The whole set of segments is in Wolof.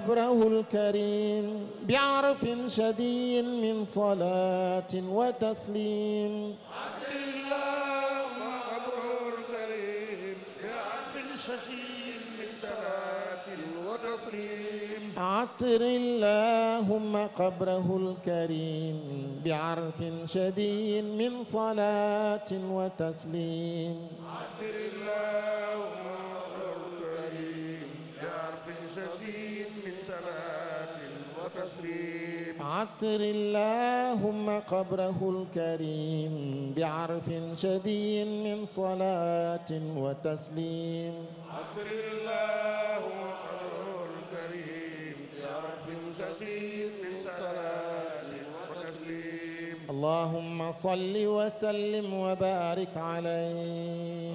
قبره الكريم بعرف شديد من صلاة وتسليم عبد اللهم قبره الكريم بعرف شديد من صلاة وتسليم عطر اللهم قبره الكريم بعرف شديد من صلاة وتسليم عطر الله تسليم عطر اللهم قبره الكريم بعرف شديد من صلاة وتسليم عطر اللهم قبره الكريم بعرف شديد من صلاة وتسليم اللهم صل وسلم وبارك عليه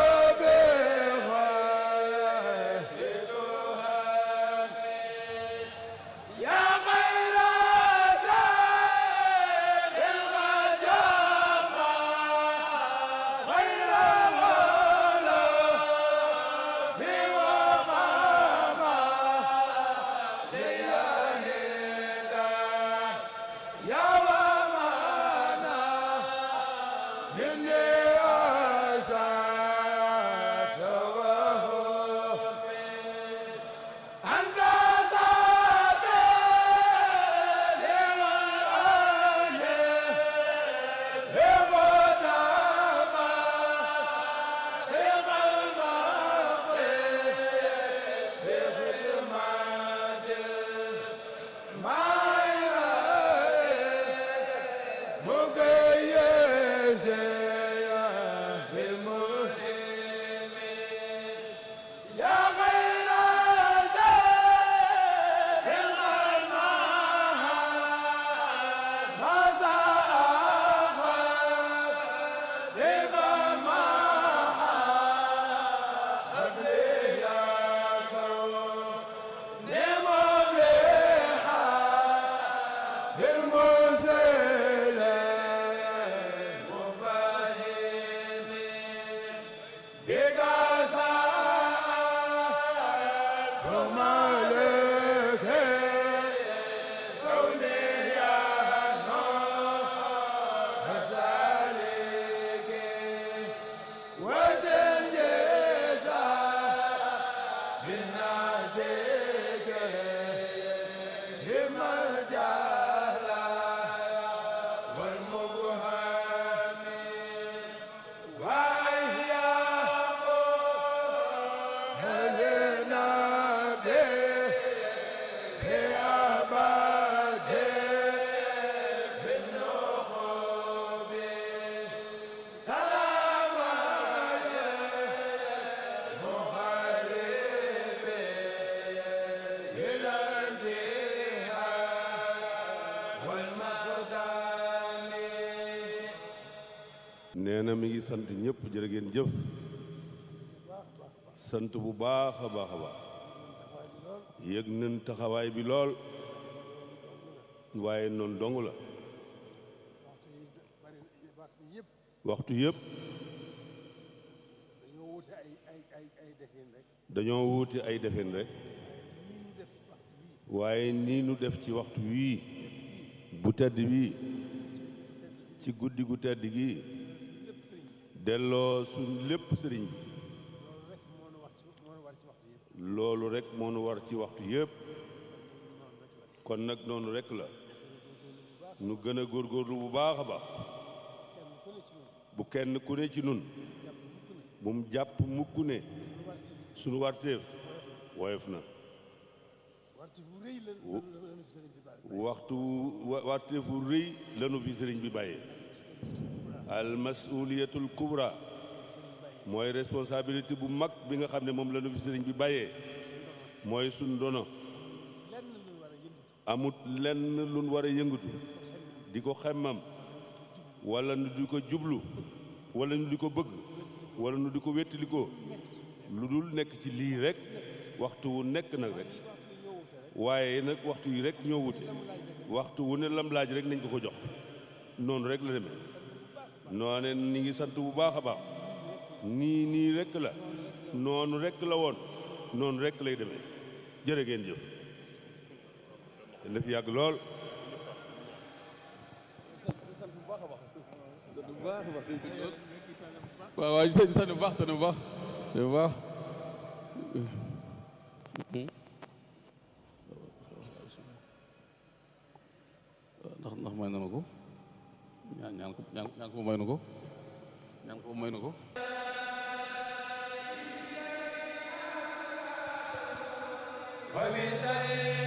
yaa nee na mi ngi sant ñëpp jërë ngeen jëf sant bu baaxa baax a yëg nañ taxawaay bi lool waaye noon dong la waxtu yëpp dañoo wuute ay defin rek waaye nii nu def ci waxtu wii bu tedd bii ci guddi gu tedd gii delloo suñ lépp sëriñ bi loolu rek moo nu war ci waxtu yépp kon nag noonu rekk la nu gën a góorlu bu baax a baax bu kenn ku ne ci nun bu mu jàpp mukk ne sunu warteef woyof na waxtu warteef wu rëy lanu fi sëriñ bi bàyyee al masuliyatul kubra mooy responsabilité bu mag bi nga xam ne moom la nu fi sëriñ bi bàyyee mooy suñ dono amut lenn luñ war a yëngatu di ko xemmam wala nu di ko jublu wala nu di ko bëgg wala nu di ko wettalikoo lu dul nekk ci lii rekk waxtu wu nekk nag rek waaye nag waxtu yi rek ñoo wute waxtu wu ne lam laaj rek nañ ko ko jox noonu rek la demee noone ni ngi sant bu baax a baax nii nii rekk la noonu rekk la woon noonu rekk lay demee jërë ngeen jëf def yàgg lool waaw waaw sëñ sant bu baax te bu baax bu baax ndax ndax may na ma ko ñaan ko ñaan ko may nu ko ñaan ko may nu ko wa bi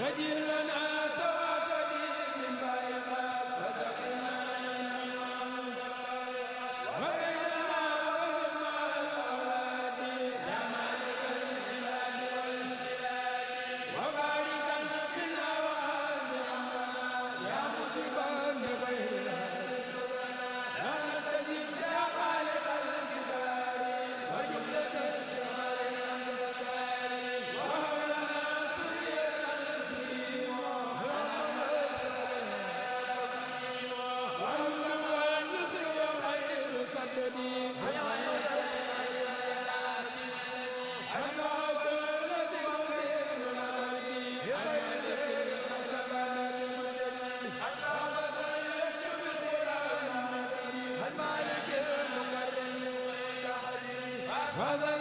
wajlan Father